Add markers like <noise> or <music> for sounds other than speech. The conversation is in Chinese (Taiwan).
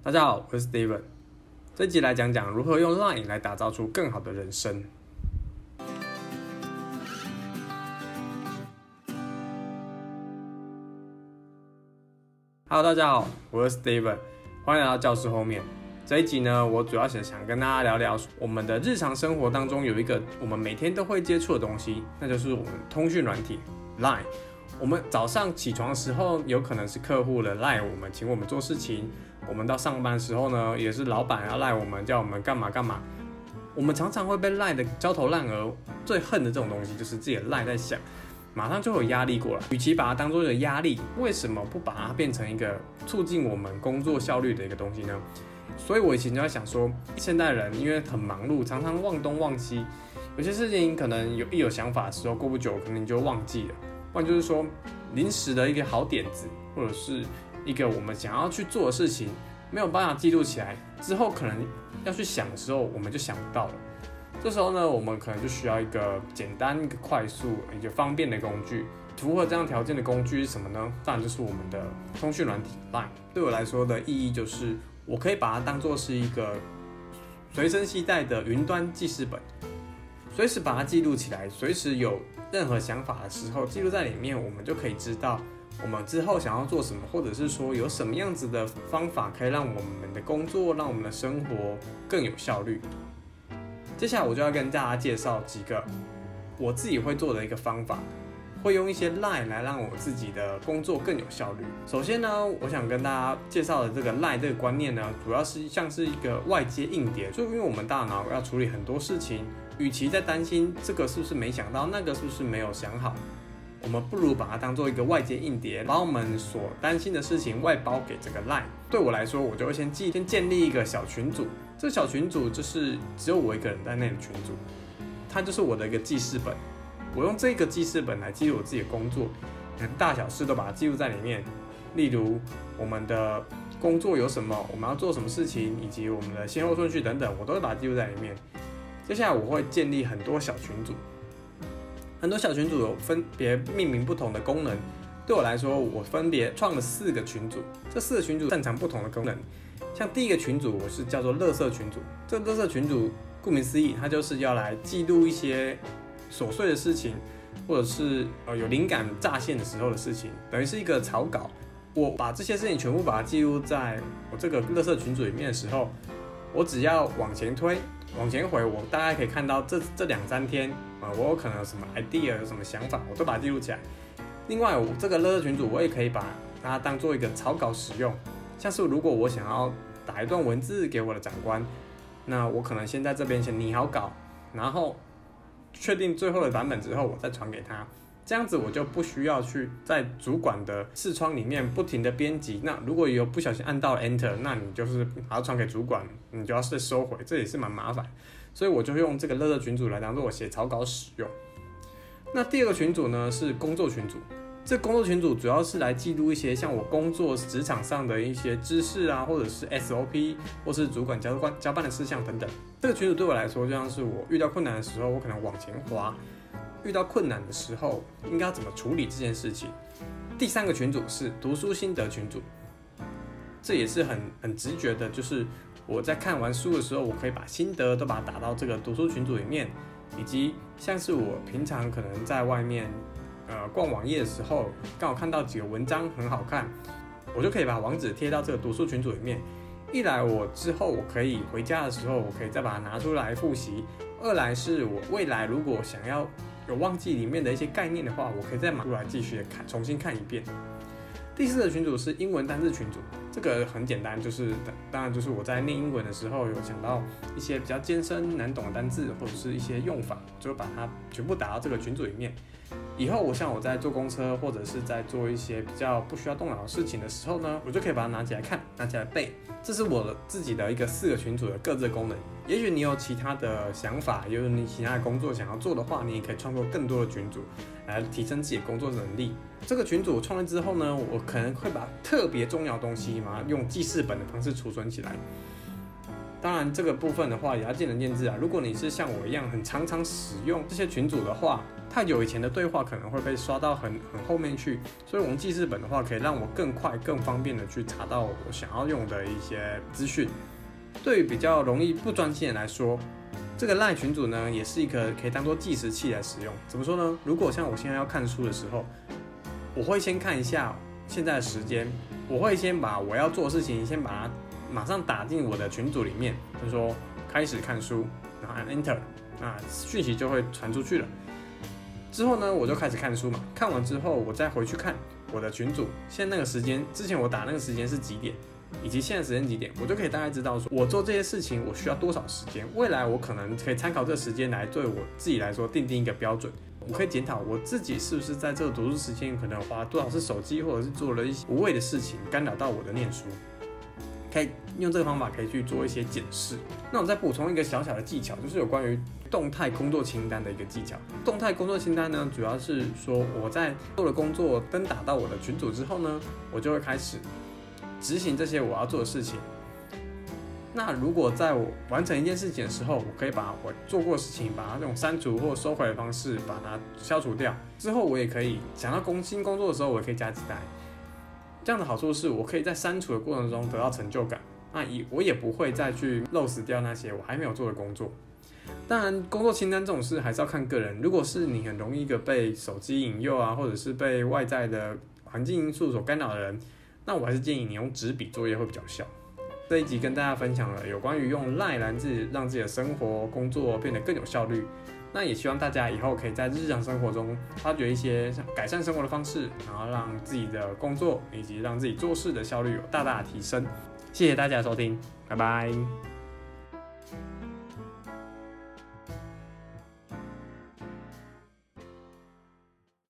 大家好，我是 Steven。這集來講講如何用 Line 來打造出更好的人生。 <music> Hello，大家好，我是 Steven，歡迎來到教室後面。這一集呢，我主要是想跟大家聊聊我們的日常生活當中有一個我們每天都會接觸的東西，那就是我們通訊軟體 Line。我們早上起床的時候，有可能是客戶的賴我們，請我們做事情；我們到上班的時候呢，也是老板要賴我們，叫我們幹嘛幹嘛。我們常常會被賴得焦頭爛額。最恨的這種東西就是自己賴在想，馬上就有壓力過來。與其把它當作一個壓力，為什麼不把它變成一個促進我們工作效率的一個東西呢？所以，我以前就在想說，現代人因為很忙碌，常常忘東忘西，有些事情可能有一有想法的時候，過不久可能就忘記了。那就是說，臨時的一個好點子，或者是一個我們想要去做的事情，沒有辦法記錄起來，之後可能要去想的時候，我們就想不到了。這時候呢，我們可能就需要一個簡單、一個快速、一個方便的工具。符合這樣條件的工具是什麼呢？當然就是我們的通訊軟體 Line。對我來說的意義就是，我可以把它當做是一個隨身攜帶的雲端記事本。隨時把它記錄起來，隨時有任何想法的時候記錄在裡面，我們就可以知道我們之後想要做什麼，或者是說有什麼樣子的方法可以讓我們的工作、讓我們的生活更有效率。接下來我就要跟大家介紹幾個我自己會做的一個方法。會用一些 LINE 來讓我自己的工作更有效率。首先呢，我想跟大家介紹的這個 LINE 這個觀念呢，主要是像是一個外接硬碟。就因為我們大腦要處理很多事情，與其在擔心這個是不是沒想到，那個是不是沒有想好，我們不如把它當做一個外接硬碟，把我們所擔心的事情外包給這個 LINE。對我來說，我就會先記，先建立一個小群組。這個小群組就是只有我一個人在那個群組，它就是我的一個記事本。我用這個記事本來記錄我自己的工作，連大小事都把它記錄在裡面。例如我們的工作有什麼，我們要做什麼事情，以及我們的先後順序等等，我都會把它記錄在裡面。接下來我會建立很多小群組，很多小群組分別命名不同的功能。對我來說，我分別創了四個群組，這四個群組擅長不同的功能。像第一個群組，我是叫做“垃圾群組”。這個“垃圾群組”顧名思義，它就是要來記錄一些。瑣碎的事情，或者是呃有靈感乍現的時候的事情，等於是一個草稿。我把這些事情全部把它記錄在我這個垃圾群組裡面的時候，我只要往前推，往前回，我大概可以看到這這兩三天啊、呃，我有可能有什麼 idea，有什麼想法，我都把它記錄起來。另外，我這個垃圾群組我也可以把它當做一個草稿使用。像是如果我想要打一段文字給我的長官，那我可能先在這邊先擬好稿，然後。確定最後的版本之後，我再傳給他，這樣子我就不需要去在主管的視窗裡面不停的編輯。那如果有不小心按到 Enter，那你就是還要傳給主管，你就要再收回，這也是蠻麻煩。所以我就用這個樂樂群組來當做我寫草稿使用。那第二個群組呢，是工作群組。這工作群組主要是來記錄一些像我工作職場上的一些知識啊，或者是 SOP，或是主管交班交辦的事項等等。這個群組對我來說就像是我遇到困難的時候，我可能往前滑；遇到困難的時候，應該要怎麼處理這件事情。第三個群組是讀書心得群組，這也是很很直覺的，就是我在看完書的時候，我可以把心得都把它打到這個讀書群組裡面，以及像是我平常可能在外面。呃，逛網頁的時候剛好看到幾個文章很好看，我就可以把網址貼到這個讀書群組裡面。一來我之後我可以回家的時候，我可以再把它拿出來複習；二來是我未來如果想要有忘記裡面的一些概念的話，我可以再拿出來繼續看，重新看一遍。第四個群組是英文單字群組。這個很簡單，就是當然就是我在念英文的時候有講到一些比較艱深難懂的單字或者是一些用法，就把它全部打到這個群組裡面。以後我，我像我在坐公車或者是在做一些比較不需要動腦的事情的時候呢，我就可以把它拿起來看，拿起來背。這是我自己的一個四個群組的各自功能。也許你有其他的想法，也有你其他的工作想要做的話，你也可以創作更多的群組來提升自己的工作能力。這個群組創立之後呢，我可能會把特別重要東西。啊，用記事本的方式儲存起來。當然，這個部分的話也要見仁見智啊。如果你是像我一樣很常常使用這些群組的話，太久以前的對話可能會被刷到很很後面去。所以，我們記事本的話，可以讓我更快、更方便的去查到我想要用的一些資訊。對於比較容易不專心的人來說，這個 LINE 群組呢，也是一個可以當做計時器來使用。怎麼說呢？如果像我現在要看書的時候，我會先看一下。現在的時間，我會先把我要做的事情，先把它馬上打進我的群組裡面。就是說，開始看書，然後按 Enter，啊，訊息就會傳出去了。之後呢，我就開始看書嘛。看完之後，我再回去看我的群組，現在那個時間、之前我打那個時間是幾點，以及現在時間幾點，我就可以大概知道說，我做這些事情我需要多少時間。未來我可能可以參考這個時間來對我自己來說定定一個標準。我可以檢討我自己是不是在這個讀書時間可能花多少是手機或者是做了一些無謂的事情干擾到我的念書。可以用這個方法可以去做一些檢視。那我再補充一個小小的技巧，就是有關於動態工作清單的一個技巧。動態工作清單呢，主要是說我在做了工作登打到我的群組之後呢，我就會開始。執行這些我要做的事情。那如果在我完成一件事情的時候，我可以把我做過的事情，把它這種刪除或收回的方式把它消除掉。之後我也可以想到更新工作的時候，我也可以加進來。這樣的好處是我可以在刪除的過程中得到成就感。那也我也不會再去漏死掉那些我還沒有做的工作。當然，工作清單這種事還是要看個人。如果是你很容易的被手機引誘啊，或者是被外在的環境因素所干擾的人。那我還是建議你用紙筆作業會比較效。這一集跟大家分享了有關於用 LINE 來讓自己的生活、工作變得更有效率。那也希望大家以後可以在日常生活中發掘一些像改善生活的方式，然後讓自己的工作以及讓自己做事的效率有大大提升。謝謝大家的收聽，拜拜。